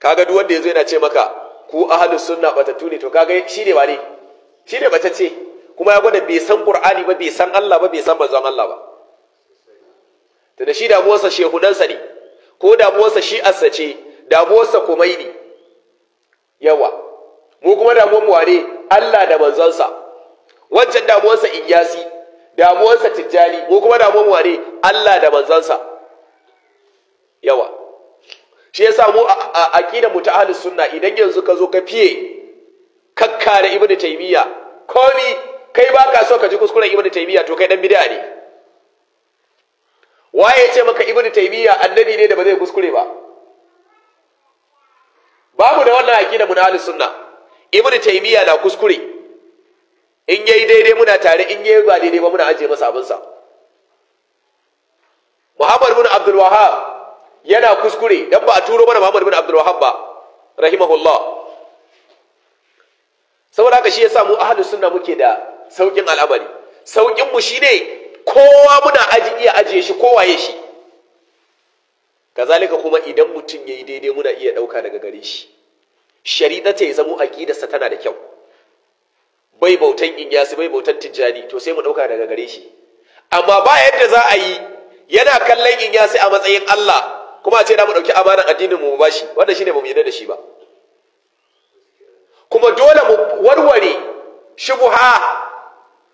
kaga duk wanda yazo yana ce maka ku ahlus sunna batatu ne to kaga shi ne wane shi ne batace kuma ya gwada bai san qur'ani ba bai san Allah ba bai san manzon Allah ba da shi damuwarsa sa ne ko buwarsa shi assa ce buwarsa komai ne yawa mu kuma da mu wane Allah da sa wancan damuwarsa da buwarsa tijjani mu kuma da mu wane Allah da sa yawa shi yasa mu a aqidar mu ta ahlus sunna idan yanzu ka zo ka fiye kakkare ibnu taymiya komi kai baka so ka ji kuskuren ibnu taymiya to kai dan bid'a ne waye ce maka ibnu taymiya annabi ne da ba zai kuskure ba babu da wannan aqidar mu na ahlus sunna ibnu taymiya na kuskure in yayi daidai muna tare in yayi ba daidai ba muna aje masa abinsa Muhammad bin Abdul yana kuskure dan ba a turo mana Muhammad bin Abdul Wahhab ba rahimahullah saboda haka shi yasa mu ahlus sunna muke da saukin al'amari saukin mu shine kowa muna aji iya ajiye shi kowaye shi kazalika kuma idan mutum yayi daidai muna iya dauka daga gare shi shari'a ta ya zamo sa tana da kyau bai bautan yasi, bai bautan tijjani to sai mu dauka daga gare shi amma ba yadda za a yi yana kallon inyasi a matsayin Allah kuma a ce da mu ɗauki amanan addinin mu ba shi wanda ne ba mu yarda da shi ba kuma dole mu warware shubuha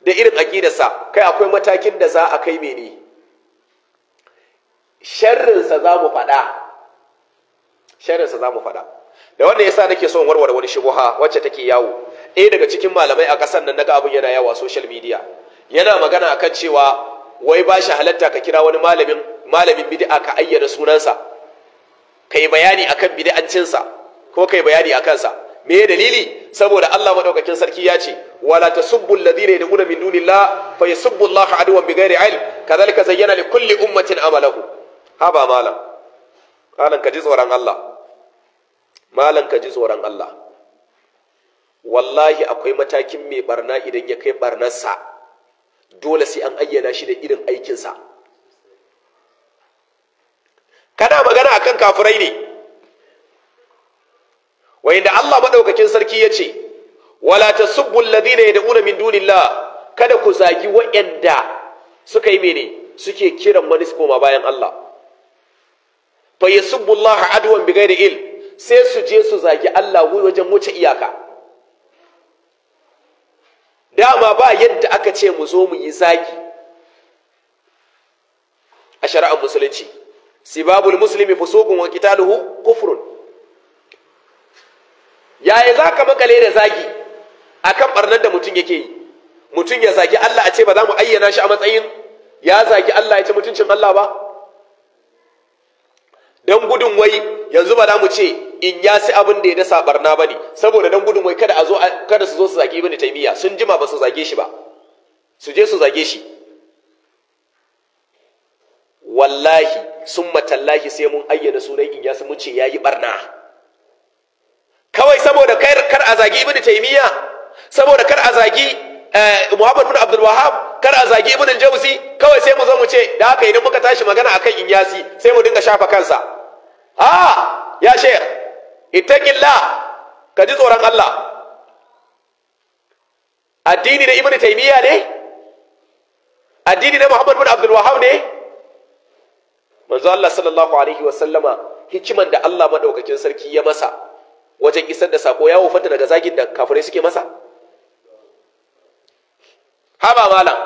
da irin aƙidarsa kai akwai matakin da za a kai mene sharrinsa za mu faɗa sharrinsa za mu faɗa da wanda yasa nake son warware wani shubuha wacce take yawo ɗaya daga cikin malamai a ƙasar nan naga abun yana yawa social media yana magana akan cewa wai ba shi halatta ka kira wani malamin malamin bid'a ka ayyana sunansa kai bayani akan bid'ancinsa ko kai bayani akan sa me dalili saboda Allah madaukakin sarki ya ce wala tasubbu alladhina yad'una min dunillah fayasubbu Allah adwan bighairi ilm kadhalika zayyana likulli ummatin amalahu haba malam malam ka ji tsoron Allah malam ka ji tsoron Allah wallahi akwai matakin mai barna idan ya kai barnarsa dole sai an ayyana shi da irin aikinsa kana magana akan kafirai ne wanda Allah madaukakin sarki yace wala tasubbu alladhina yad'una min dunillah kada ku zagi wa'anda suka yi mene suke kiran wani koma bayan Allah fa yasubbu Allah adwan da il sai su je su zagi Allah wajen wuce iyaka dama ba yadda aka ce mu zo mu yi zagi a shari'ar musulunci sibabul muslimi fusuqun wa qitaluhu kufrun yaya zaka makale da zagi akan barnar da mutum yake yi mutum ya zagi Allah a ce ba za mu ayyana shi a matsayin ya zagi Allah ya ce mutuncin Allah ba dan gudun wai yanzu ba za mu ce in ya si abin da ya dasa barna ba ne saboda dan gudun wai kada su zo su zagi ibnu taymiya sun jima ba su zage shi ba su je su zage shi wallahi sun matallahi sai mun ayyana sunan inyas mun ce ya yi barna kawai saboda kar a zagi ibnu taymiya saboda kar a zagi eh, muhammad bin abdul wahab kar a zagi ibnu jauzi kawai sai mu zo mu ce da haka idan muka tashi magana akan inyasi sai mu dinga shafa kansa a ah, ya sheikh ittaqillah ka ji tsoron Allah addini da ibnu taymiya ne addini na muhammad bin abdul wahab ne manzo Allah sallallahu alaihi wa sallama hikiman da Allah madaukakin sarki ya masa wajen isar da sako ya wofanta daga zagin da kafirai suke masa haba malam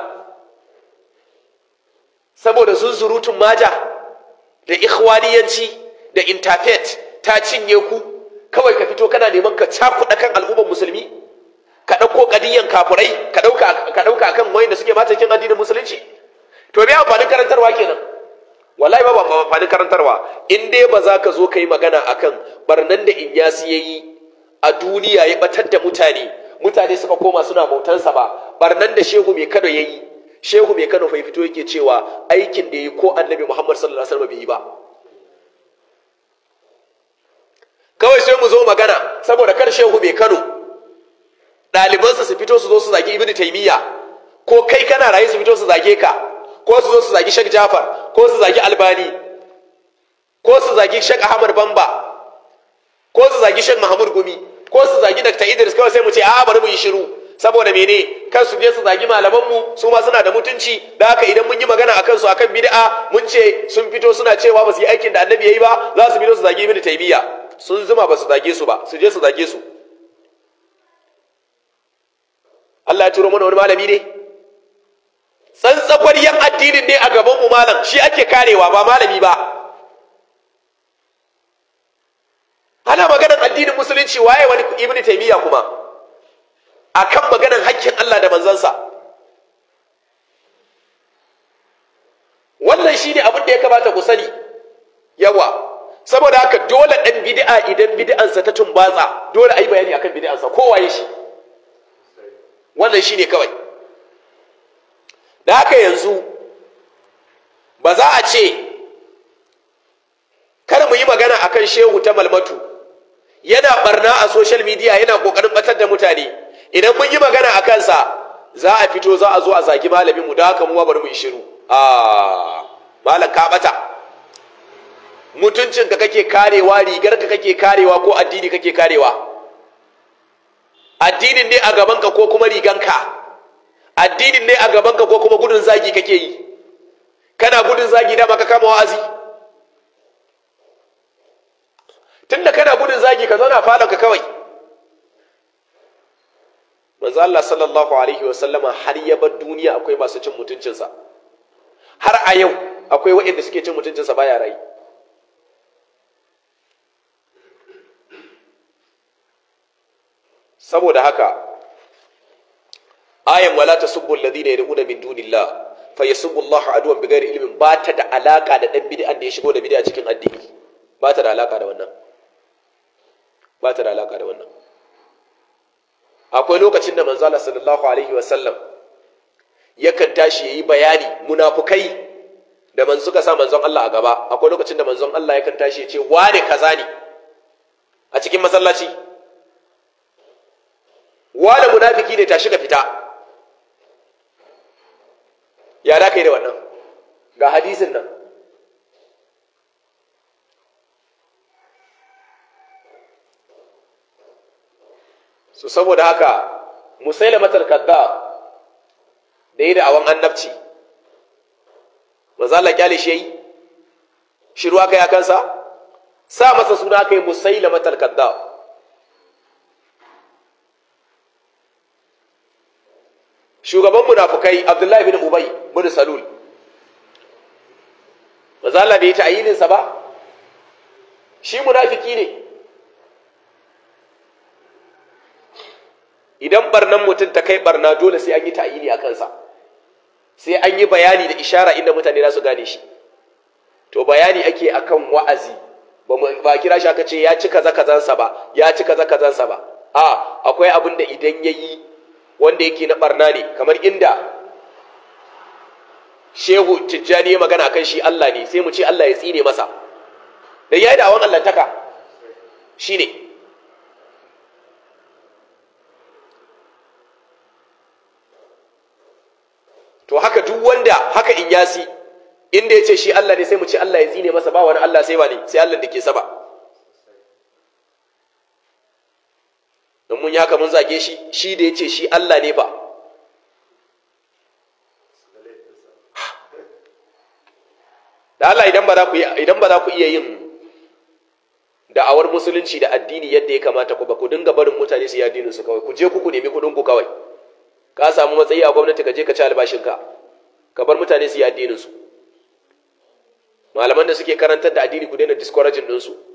saboda zunzurutun maja da ikhwaniyanci da intafet ta cinye ku kawai ka fito kana neman ka cakuɗa kan al'ummar musulmi ka ɗauko ƙadiyan kafurai ka ɗauka akan da suke mata cikin addinin musulunci to me amfanin karantarwa kenan wallahi ba ba fani karantarwa in dai ba za ka zo ka yi magana akan barnan da inyasi ya yi a duniya ya batar da mutane mutane suka koma suna bautansa ba barnan da shehu mai kano ya yi shehu mai kano fai fito yake cewa aikin da ya yi ko annabi muhammad sallallahu alaihi wasallam bai yi ba kawai sai mu zo magana saboda kar shehu mai kano ɗalibansa su fito su zo su zagi ibnu taimiyya ko kai kana raye su fito su zage ka ko su zo su zagi shek jafar ko su zagi albani ko su zagi shek ahmad bamba ko su zagi shek mahmud gumi ko su zagi dr idris kawai sai mu ce a bari mu yi shiru saboda mene kan su je su zagi malamanmu su ma suna da mutunci da haka idan mun yi magana akan su akan bid'a mun ce sun fito suna cewa ba su yi aikin da annabi yayi ba za su fito su zagi ibnu taymiya sun zuma ba su zage su ba su je su zage su Allah ya turo mana wani malami ne tsantsakwariyan addinin ne a gaban umalan shi ake karewa ba malami ba ana maganar addinin musulunci waye wani ibn taimiyya kuma A kan maganar hakkin Allah da manzansa wannan shi ne abin da ya kamata ku sani yawa saboda haka dole ɗan bid'a idan bid'ansa ta tumbatsa dole ayi bayani akan bid'ansa ya shi wannan shi ne kawai da haka yanzu ba za a ce kar mu yi magana akan shehu ta malmatu yana barna a social media yana kokarin batar da mutane idan mun yi magana a kansa za a fito za a zo a zagi malamin mu da haka mu bari mu yi shiru a ah, malam ka bata mutuncin kake karewa rigarka ka kake karewa ko addini kake karewa addinin ne a gabanka ko kuma riganka? addinin ne a gabanka ko kuma gudun zagi kake yi kana gudun zagi dama ka kama wa'azi tunda kana gudun zagi ka zauna falonka kawai manzo Allah sallallahu alaihi wa sallama har ya bar duniya akwai masu cin mutuncinsa har a yau akwai waɗanda suke cin mutuncinsa baya rai saboda haka ayan wala tasubbu alladhina yad'una min dunillah fa yasubbu Allah adwan bighairi ilmin ba ta da alaka da dan bid'a da ya shigo da bid'a cikin addini ba ta da alaka da wannan ba ta da alaka da wannan akwai lokacin da Allah sallallahu alaihi wa sallam yakan tashi yayi bayani munafukai da man suka sa manzon Allah a gaba akwai lokacin da manzon Allah yakan tashi ya ce wane kaza ne a cikin masallaci wane munafiki ne tashi ka fita ya da kai da wannan ga hadisin nan su saboda haka musailamatul kadda da yi da awan annabci mazala Allah kyale shi yayi shirwa kai kansa? sa masa suna kai musailamatul kadda shugaban munafukai abdullahi bin ubay bin salul manzo bai ta ba shi munafiki ne idan barnan mutum ta kai barna dole sai an yi ta'ayini a kansa sai an yi bayani da ishara inda mutane za su gane shi to bayani ake akan wa'azi ba kira shi aka ce ya cika kaza kazansa ba ya cika kaza kazansa ba a akwai abin da idan ya yi wanda yake na barna ne kamar inda shehu tijjani magana kan shi Allah ne sai mu ce Allah ya tsine masa da yayi da awon allantaka shine to haka duk wanda haka in yasi inda yace shi Allah ne sai mu ce Allah ya tsine masa ba wani Allah sai ne sai Allah da ke saba yi haka mun zage shi shi da ya ce shi Allah ne fa da Allah idan ba za ku iya yin da'awar musulunci da addini yadda ya kamata ku ba ku dinga barin mutane su yi addininsu su kawai ku je ku ku nemi kudinku ku kawai ka samu matsayi a gwamnati ka je ka ci albashinka ka bar mutane su yi addininsu, su malaman da suke karantar da addini ku daina discouraging ɗinsu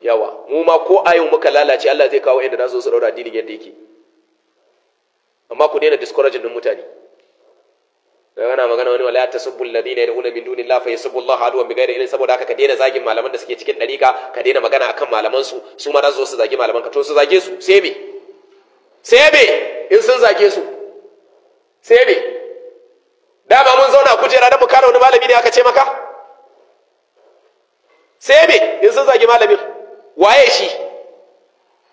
yawa mu ma ko ayin muka lalace Allah zai kawo inda nasu su daura addinin yadda yake amma ku daina discouraging din mutane daga ana magana wani wala tasubbu ladina yad'una min dunillahi fa yasubbu Allah bi ghairi ilmin saboda haka ka daina zagin malaman da suke cikin dariqa ka daina magana akan malaman su su ma zo su zagi malaman ka to su zage su sai me sai me in sun zage su sai me dama mun zauna kujera da mu kare wani malami ne aka ce maka sai me in sun zage malamin waye shi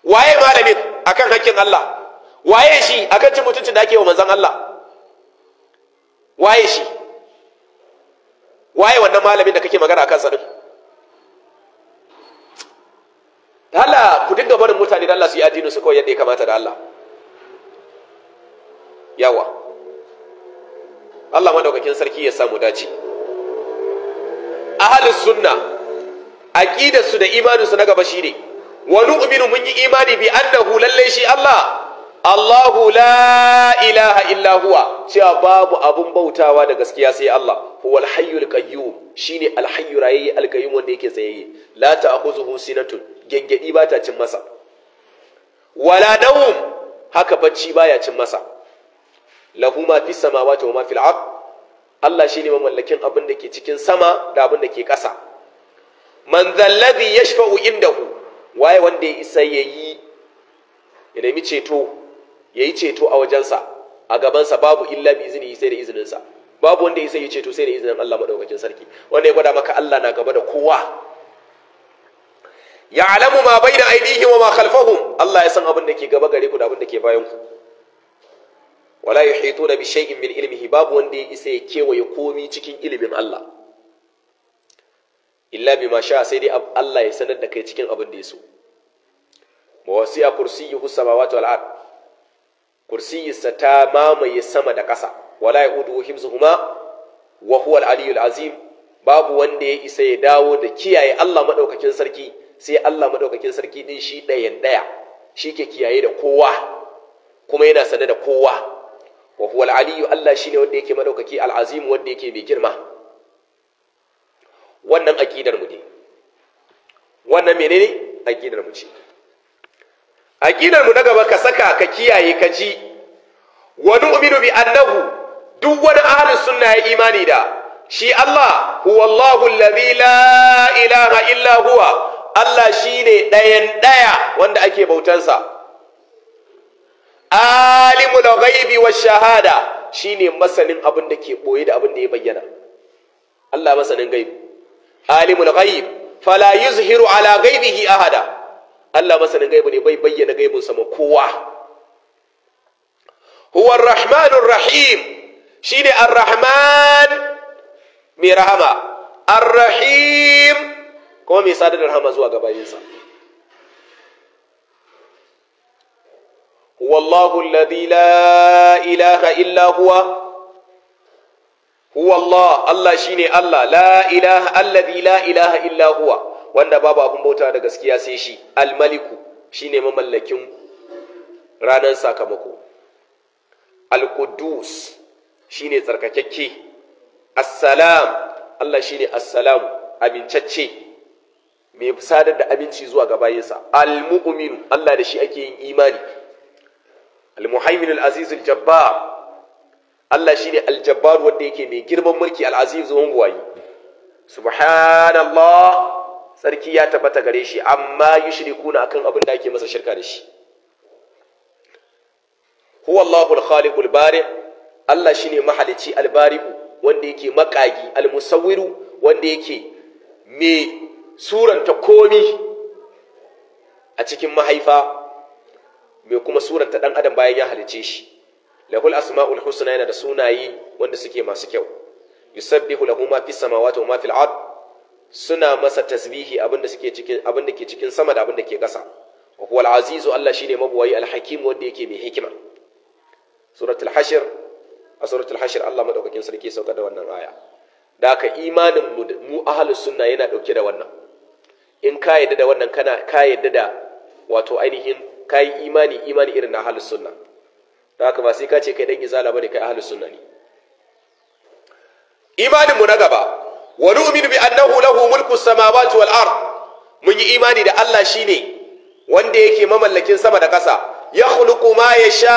waye malamin akan hakkin Allah waye shi akan cin mutuncin da ake wa manzon Allah waye shi waye wannan malamin da kake magana akan sa din Allah ku dinga barin mutane da Allah su yi addini su kawai yadda ya kamata da Allah yawa Allah madaukakin sarki ya samu dace ahlus sunna aqidarsu da imaninsu na gaba shine Wani nu'minu mun yi imani bi annahu lallai shi Allah Allahu la ilaha illa huwa cewa babu abun bautawa da gaskiya sai Allah huwal hayyul qayyum shine alhayyu rayyi alqayyum wanda yake tsayayye la ta'khuzuhu sinatun gengedi ba ta cin masa wala nawm haka bacci baya cin masa lahu ma fis samawati wa ma fil ard Allah shine mamallakin abin da ke cikin sama da abin da ke ƙasa man zallazi inda ku. waye wanda ya isa yi ya nemi ceto yi ceto a wajensa a gabansa babu illa bi izini sai da izininsa babu wanda ya isa ya ceto sai da izinin Allah madaukakin sarki wanda ya gwada maka Allah na gaba da kowa ya'lamu ma da aydihim wa ma khalfahum Allah ya san abin da ke gaba gare ku da abin da ke bayan ku wala yuhituna bi shay'in min ilmihi babu wanda ya isa ya kewaye komi cikin ilimin Allah illa bi ma sha sai dai Allah ya sanar da kai cikin abin da ya so mawasiya kursiyuhu samawati wal ard kursiyinsa ta mamaye sama da kasa wala yauduhu himzuhuma wa huwa al aliyyul azim babu wanda ya isa ya dawo da kiyaye Allah madaukakin sarki sai Allah madaukakin sarki din shi ɗayan ɗaya shi ke kiyaye da kowa kuma yana sanar da kowa wa huwa al aliyyu Allah shine wanda yake madaukaki al azim wanda yake mai girma wannan aƙidar mu ne wannan menene aƙidar mu ce aƙidar mu na gaba ka saka ka kiyaye ka ji wani uminu bi annahu duk wani ahlus sunna ya imani da shi Allah huwallahu allazi la ilaha illa huwa Allah shine dayan daya wanda ake bautan bautansa alimul ghaibi wa shahada shine masanin abin da ke boye da abin da ya bayyana Allah masanin gaibi alimul ghaib fala yuzhiru ala ghaibihi ahada Allah masanin gaibu ne bai bayyana gaibun sa ma kowa huwa arrahmanur rahim shine arrahman Mi rahama arrahim kuma mai sadar da rahama zuwa gabayinsa wallahu alladhi la ilaha illa huwa huwa Allah Allah shine Allah la ilaha la ilaha illa huwa wanda babu abin bauta da gaskiya sai shi al-maliku shine mamallakin ranar sakamako al-quddus shine tsarkakakke assalam Allah shine assalam amincacce mai sadar da abinci zuwa ga bayinsa al-mu'min Allah da shi ake yin imani al-muhaimin al-aziz al Allah shi ne aljabbar wanda yake mai girman mulki Al'azim zuwan wangwayi subhanallah sarki ya tabbata gare shi amma yi kuna akan abin da ake masa shirka da shi huwa Allahul khaliqul bari Allah shine mahalici al-bari'u wanda yake makagi al wanda yake mai suranta komi a cikin mahaifa mai kuma suranta ɗan adam bayan ya halice shi lahul asma'ul husna yana da sunayi wanda suke masu kyau yusabbihu lahu ma fis samawati wa ma fil ard suna masa tasbihi abinda suke cikin abinda ke cikin sama da abinda ke ƙasa wa huwa al-azizu Allah shine mabuwayi al-hakim wanda yake mai hikima suratul hashr a suratul hashr Allah madaukakin sarki sauka da wannan aya da haka imanin mu ahlus sunna yana dauke da wannan in ka yadda da wannan kana ka yadda da wato ainihin kai imani imani irin na ahlus sunna ta haka ba sai ka ce kai dan izala bane kai ahlus sunna ne imanin mu na gaba wa nu'minu bi annahu lahu mulku samawati wal ard mun yi imani da Allah shine wanda yake mamallakin sama da kasa ya khuluqu ma yasha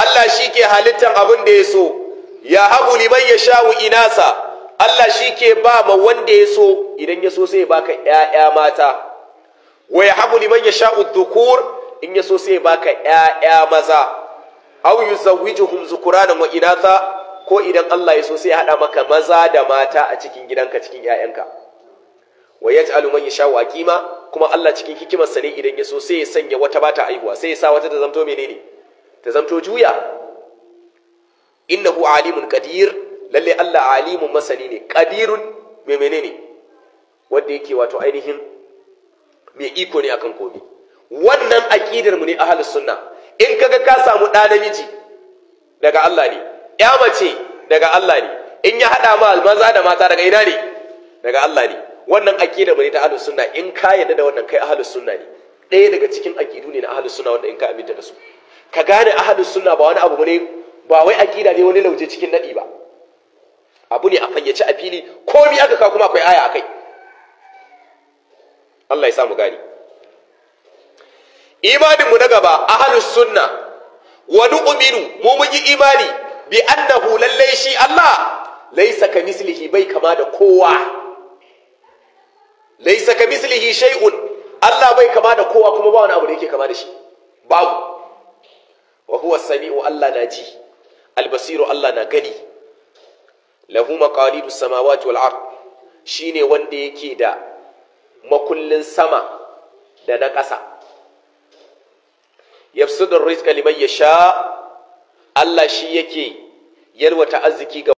Allah ke halittan abin da ya so ya habu liman yasha'u inasa Allah shike ba ma wanda ya so idan ya so sai ya baka ƴaƴa mata wa ya habu liman yasha'u dhukur in ya so sai baka ƴaƴa maza aw yuzawwijuhum zukuranan wa inatha ko idan Allah ya so sai ya hada maka maza da mata a cikin gidanka cikin ƴaƴanka wa yaj'alu man wa qima kuma Allah cikin hikimar sa ne idan ya so sai ya sanya wata bata aihuwa sai ya sa wata ta zamto menene ta zamto juya innahu alimun qadir lalle Allah alimun masani ne qadirun me menene wanda yake wato ainihin mai iko ne akan komai wannan aƙidar mu ne ahlus sunna in kaga ka samu ɗa namiji daga Allah ne ya mace daga Allah ne in ya haɗa ma maza da mata daga ina ne daga Allah ne wannan aƙidar mu ne ta ahlus sunna in ka yadda da wannan kai ahlus sunna ne ɗaya daga cikin aƙidu ne na ahlus sunna wanda in ka aminta da su ka gane ahlus sunna ba wani abu ne ba wai aƙida ne wani lauje cikin nadi ba abu ne a fayyace a fili Ko komi aka kawo kuma akwai aya akai Allah ya samu gani imanin mu na gaba ahlus sunna wa nu'minu mu mun imani bi annahu lallai shi Allah laysa mislihi bai kama da kowa laysa mislihi shay'un Allah bai kama da kowa kuma ba wani abu da yake kama da shi babu wa huwa sami'u Allah na ji albasiru Allah na gani lahu maqalidu samawati wal ard shine wanda yake da makullin sama da na ƙasa yafsudur rizqa liman yasha Allah shi yake yalwata arziki ga